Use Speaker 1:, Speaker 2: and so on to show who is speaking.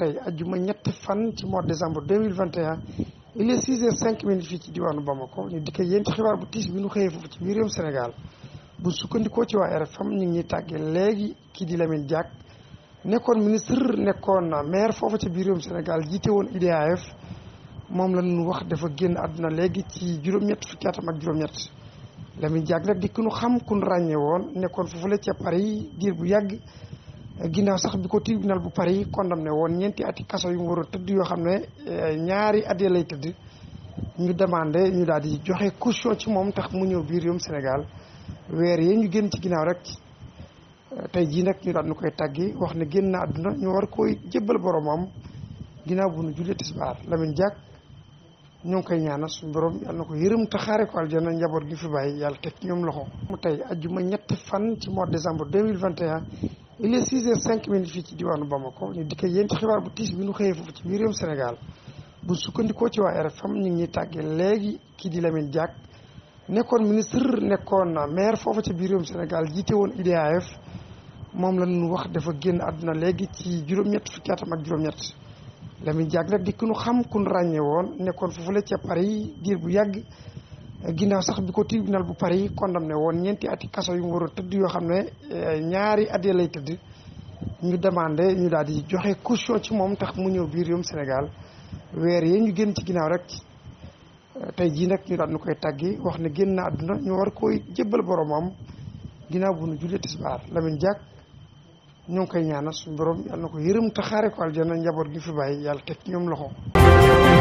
Speaker 1: tey ajjuma ñett fan ci mois de décembre deux mille vingt et un il est six cinq minutes fii ci diwaanu Bamako ñu dikkee yéen ci xibaar bu tiis bi ñu xëyee foofu ci biir réewum Sénégal bu sukkandikoo ci rek RFM ñu ngi tàggee léegi kii di Lamine Diack nekkoon ministre nekkoon maire foofu ci biir réewum Sénégal jiite woon IDAF moom la ñu wax dafa génn àdduna léegi ci juróom-ñett fukki atam ak juróom-ñett Lamine Diack nag di ku nu xam ku ñu ràññee woon nekkoon foofu la ca Paris bu yàgg. ginaaw sax bi ko tribunal bu Paris condamné woon ñeenti ati kaso yu mu war a tëdd yoo xam ne eh, ñaari at lay tëdd ñu demandé ñu daal di joxe caution ci moom tax mu ñëw biir réewum Sénégal weer yee ñu génn ci ginnaaw rek eh, tey jii nag ñu daal ñu koy tàggi wax ne génn na àdduna ñu war koy jébbal boromam ginnaaw bu nu jullee tisbaar Lamine Diack ñoo ngi koy ñaanal suñu borom yàlla na ko yërëm te xaare ko aljana njaboot gi fi bàyyi yàlla teg ñoom loxo. mu tey ajjuma ñetti fan ci mois de décembre deux mille vingt il est six heures cinq minutes fii ci diwaanu Bamako ñu dikkee yéen ci xibaar bu tiis bi ñu xëyee foofu ci biir réewum Sénégal bu sukkandikoo ci rek RFM ñu ngi ñuy tàggee léegi kii di Lamine jàkk nekkoon ministre nekkoon maire foofu ci biir réewum Sénégal jiite woon IDAF moom la ñu wax dafa génn àdduna léegi ci juróom-ñett fukki atam ak juróom-ñett Lamine Diack nag di ku ñu xam ku ñu ràññee woon nekkoon foofu la ca Paris diir bu yàgg. ginnaaw sax bi ko tribunal bu Paris condamné woon ñeenti ati kaso yu mu war a tëdd yoo xam ne eh, ñaari at lay tëdd ñu demandé ñu daal di joxe caution ci moom tax mu ñëw biir réewum Sénégal weer yee ñu génn ci ginnaaw rek eh, tey jii nag ñu daal ñu koy tàggi wax ne génn na àdduna ñu war koy jébbal boromam ginnaaw bu nu jullee tisbaar Lamine Diack ñoo ngi koy ñaanal suñu borom yàlla na ko yërëm taxaare ko aljana njaboot gi fi bàyyi yàlla teg ñoom loxo.